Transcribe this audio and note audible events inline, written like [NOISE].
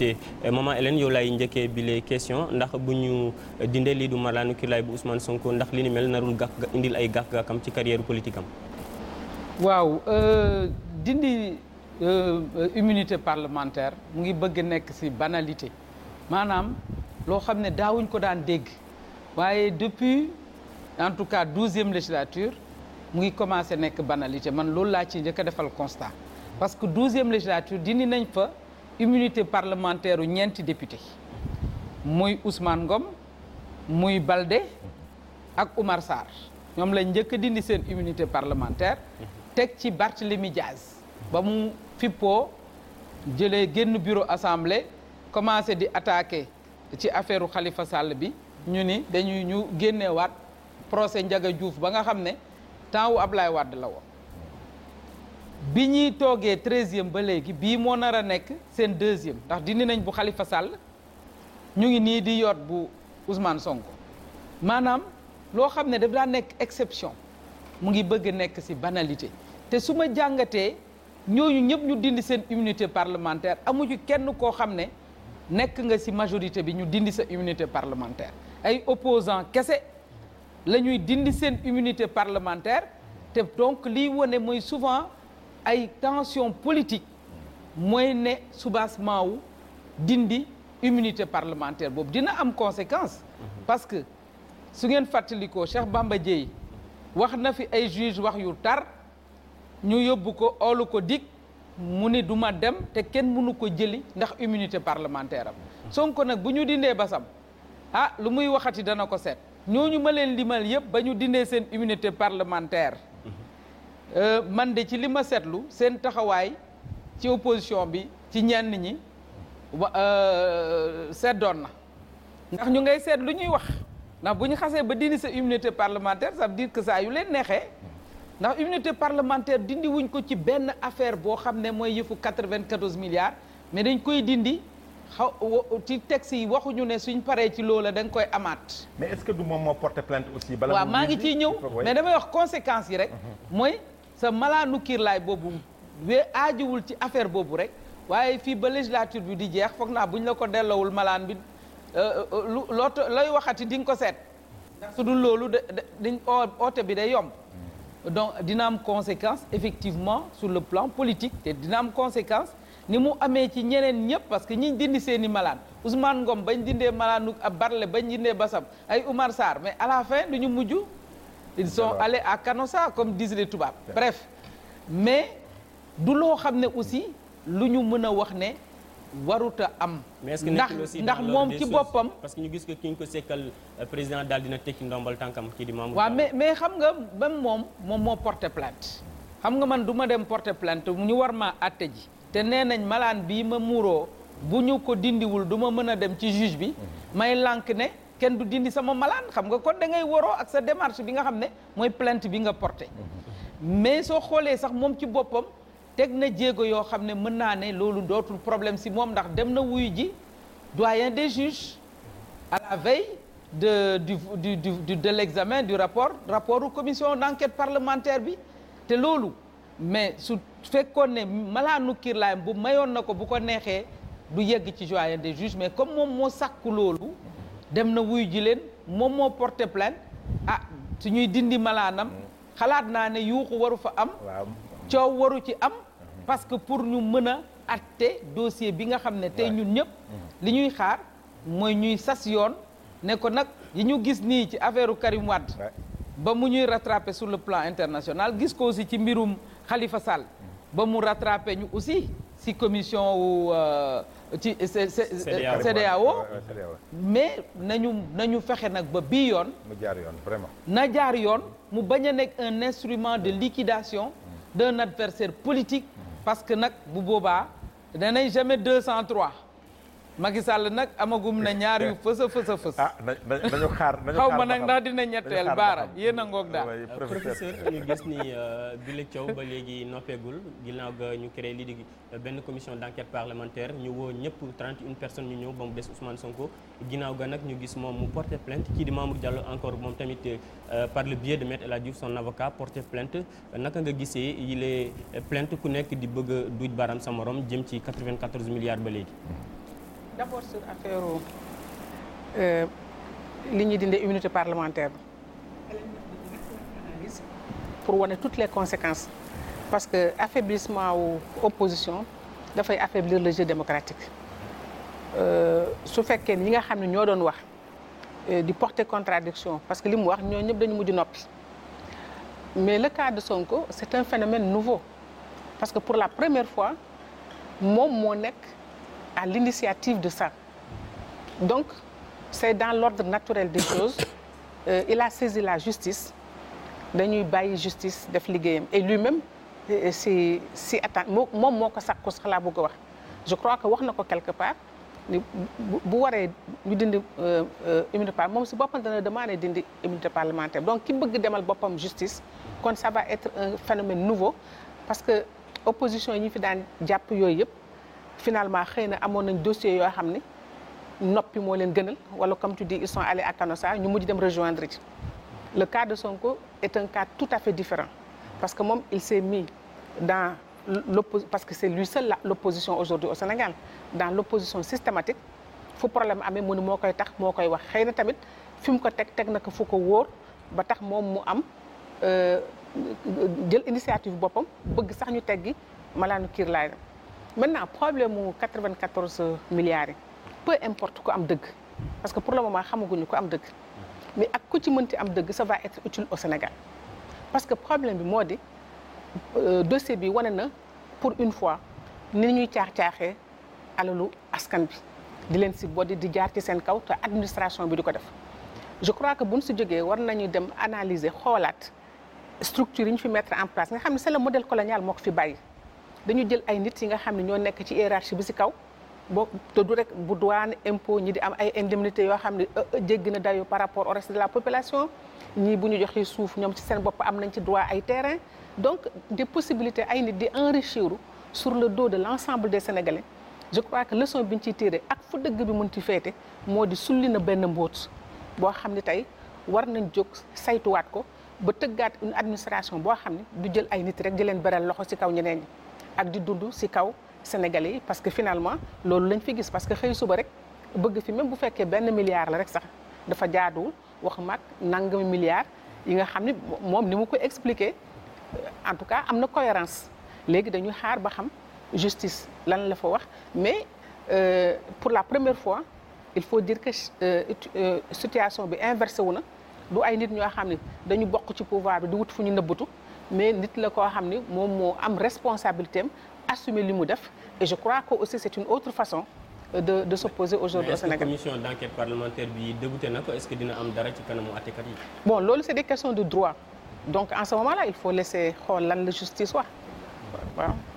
député euh, maman Hélène yow laay njëkkee bi question ndax bu ñu dindee lii du malaanu kilaay bu Ousmane Sonko ndax li ni mel narul gàkk indil ay gàkk-gàkkam ci carrière politique am waaw euh, dindi euh, immunité parlementaire mu ngi bëgg nekk ci banalité maanaam loo xam ne daawuñ ko daan dégg waaye depuis en tout cas douzième législature mu ngi commencé nekk banalité man loolu laa ci njëkk a defal constat parce que douzième législature dindi nañ fa immunité parlementaire u ñeenti député muy Ousmane Ngom muy balde ak Oumar Sarr ñoom lañ njëkk dindi seen immunité parlementaire teg ci Barthélémy Diaz ba mu fippoo jëlee génn bureau assemblée commencé di attaqué ci affaire xalifa Sall bi ñu ni dañuy ñu génneewaat procès njaga Diouf ba nga xam ne temps ab lay Wade la woon bi ñuy toogee treizième ba léegi bii moo nar a nekk seen deuxième ndax dindi nañ bu xalifa Sall ñu ngi nii di yoot bu Ousmane Sonko maanaam loo xam ne daf daa nekk exception mu ngi bëgg nekk ci banalité te su ma jàngatee ñooñu ñëpp ñu dindi seen immunité parlementaire amu ci kenn koo xam ne nekk nga ci majorité bi ñu dindi sa immunité parlementaire ay opposant kese la ñuy dindi seen immunité parlementaire te donc liy wone mooy souvent ay tension politique mooy ne soubassement wu dindi immunité parlementaire boobu dina am conséquence mhm. parce que su ngeen fàttalikoo Cheikh Bamba Dièye wax na fi ay juge wax yu tar ñu yóbbu ko olu ko dik mu ni du ma dem te kenn mënu ko jëli ndax immunité parlementaire am mhm. Sonko nag bu ñu dindee basam ah lu muy waxati dana ko seet ñoo ñu ma leen limal yëpp ba ñu dindee seen immunité parlementaire Euh, man de ci lima ma seetlu seen taxawaay ci opposition bi ci ñenn ñi wa euh, seddoon na ndax ñu ngay seet lu ñuy wax ndax bu ñu xasee ba dindi sa immunité parlementaire ça veut dire que saa yu leen neexee ndax immunité parlementaire dindi wuñ ko ci benn affaire boo xam ne mooy yëfu 94 milliards mais dañ koy dindi xaw ci texte yi waxuñu ne suñ paree ci loola da nga koy amaat. mais est-ce que moom moo porté plainte aussi. bala waaw maa ngi ciy ñëw mais damay wax conséquences yi rek. Mhm. mooy. sa malaanu kiirlaay boobu wee aajiwul ci affaire boobu rek waaye fii ba législature bi di jeex foog naa bu ñu la ko delloowul malaan bi euh, euh, lu loo looy waxati di nga ko seet ndax su dul loolu dañ oote bi day yomb donc dina am conséquence effectivement sur le plan politique te dina am conséquence ni mu amee ci ñeneen ñëpp parce que ñi dindi seeni i malaan Ousmane Ngom bañ dindee malaanu ab Barle bañ dindee Basam ay Oumar Sarr mais à la ñu mujj ils sont allés à Canossa comme disent tubaab bref mais du loo xam ne aussi lu ñu mën a wax ne waruta am. ndax ndax moom ci boppam. parce que ñu gis que ki ñu ko sekkal euh, président daal dina tekki ndombal tànkam kii di Mamour. waaw mais mais xam nga même moom moom moo porté plainte. xam nga man du ma dem porté plainte ñu war maa àtte ji. te nee nañ malaan bii ma muuroo bu ñu ko dindiwul duma mën a dem ci juge bi. Mm-hmm. may lànk ne. kenn du dindi sama malaan xam nga kon da ngay waroo ak sa démarche bi nga xam ne mooy plainte bi nga porté mais soo xoolee sax moom ci boppam teg na jéego yoo xam ne mën naa ne loolu dootul problème si moom ndax dem na wuy ji doyen des juges à la veille de du du du de l'examen du rapport rapport u commission d'enquête parlementaire bi te loolu mais su fekkoon ne malaanu kiirlaayam bu mayoon na ko bu ko neexee du yegg ci doyen des juges mais comme moom moo sàkku loolu dem na wuy ji leen moom moo porté plainte ah su ñuy dindi malaanam mm. xalaat naa ne yuuxu waru fa am coow waru ci am mm-hmm. parce que pour ñu mën a atte dossier bi nga xam ne tey ñun ñëpp mm-hmm. li ñuy xaar mooy ñuy sas yoon ne ko nag yi ñu gis nii ci affaire Karim Wade ba mu ñuy rattraper sur le plan international gis ko aussi ci mbirum xalifa Sall mm. ba mu rattraper ñu aussi si commission wu euh, ci CEDEAO mais nañu nañu fexe nag ba bii yoon mu jaar yoon vraiment na jaar yoon mu bañ a nekk un instrument de liquidation d'un adversaire politique mm. parce que nag bu boobaa danay jamais deux cent trois Macky Sall nag amagum na ñaar yu fës a fës a fës. [LAUGHS] ah nañu xaar nañu xaw ma nag ndax dina ñetteel baara yéen ngoog daal. professeur ñu gis ni euh, bile coow ba léegi noppeegul ginnaaw ga ñu créé lii di benn commission d' enquête parlementaire ñu woo ñëpp 31 personnes ñu ñëw ba mu des Ousmane Sonko ginnaaw ga nag ñu gis moom mu porté plainte kii di Mamour Diallo encore moom tamit euh, par le biais de Maître El Hadji Diouf son avocat porté plainte naka nga gisee yile plainte ku nekk di bëgg a duj baaraam sa morom jëm ci 94 milliards ba léegi. d' abord sur affaire euh, li ñuy dindee immunité parlementaire pour wane toutes les conséquences parce que affaiblissement wu opposition dafay affaiblir le jeu démocratique euh, su fekkee ni ñi nga xam ne ñoo doon wax euh, di porter contradiction parce que li mu wax ñoo ñëpp dañu mujj noppi mais le cas de Sonko c' est un phénomène nouveau parce que pour la première fois moom moo nekk à l'initiative de ça. Donc, c'est dans l'ordre naturel des [COUGHS] choses. Euh, il a saisi la justice. dañuy bàyyi justice def liggéeyam et lui-même si si attan moom moo ko sàkku sax laa bëgg a wax je crois que wax na ko quelque part bu waree ñu dindi euh, euh, immunité parlementaire moom si boppam dana demandé dindi immunité parlementaire donc ki bëgg demal boppam justice kon ça va être un phénomène nouveau parce que opposition yi ñu fi daan jàpp yooyu yëpp finalement xëy na amoon nañ dossier yoo xam ne noppi moo leen gënal wala comme tu dis ils sont allés à Canossa ñu mujj dem rejoindre ci le cas de Sonko est un cas tout à fait différent parce que moom il s'est mis dans l'opposition parce que c'est lui seul l'opposition aujourd'hui au Sénégal dans l'opposition systématique fu problème ame mu ne moo koy tax moo koy wax xëy na tamit fi mu ko teg teg na ko fu ko wóor ba tax moom mu am euh, jël initiative boppam bëgg sax ñu teggi malaanu kiir laay maintenant problème mu 94 milliards yi peu importe ko am dëgg parce que pour le moment xamaguñu ku am dëgg mais ak ku ci mënti am dëgg ça va être utile au Sénégal parce que problème bi moo di euh, dossier bi wane na pour une fois ni ñuy caax-caaxee alalu askan bi di leen si boddi di jaar ci seen kaw te administration bi di ko def je crois que buñ si jógee war nañu dem analyser xoolaat structure yi ñu fi mettre en place nga xam ne c'est le modèle colonial moo ko fi bàyyi dañu jël ay nit yi nga xam ne ñoo nekk ci hiérarchie bi si kaw boo te du rek bu douane impôt ñi di am ay indemnité yoo xam ne euh, euh, jéggi na dayo par rapport au reste de la population ñii bu ñu joxee suuf ñoom ci seen bopp am nañ ci droit ay terrain donc des possibilités ay nit di enrichir sur le dos de l'ensemble des Sénégalais je crois que leçon bi ñu ci tiré ak fu dëgg bi mën ci féete moo di sulli na benn mboot boo xam ne tey war nañ jóg saytuwaat ko ba tëggaat une boo xam ne du jël ay nit rek di leen beral loxo ci kaw ñeneen ñi ak di dund si kaw sénégal yi parce que finalement loolu lañ fi gis parce que xëy suba rek bëgg fi même bu fekkee benn milliard la rek sax dafa jaaduwul wax mag nanga milliard yi nga xam ni moom ni mu koy expliquer en tout cas am na cohérence léegi dañuy xaar ba xam justice lan la fa wax mais euh, pour la première fois il faut dire que euh, euh situation bi inversé wu na du ay nit ñoo xam ne dañu bokk ci pouvoir bi di wut fu ñu nëbbatu mais nit la koo xam ni moom moo am responsabilité am assumer li mu def et je crois que aussi c'est une autre façon euh, de de s'opposer aujourd'hui au Sénégal bi débuté na ko est-ce que dina am dara ci kanamu àttekat yi. bon loolu c'est des questions de droit donc en ce moment là il faut laisser xool lan la justice wax waaw.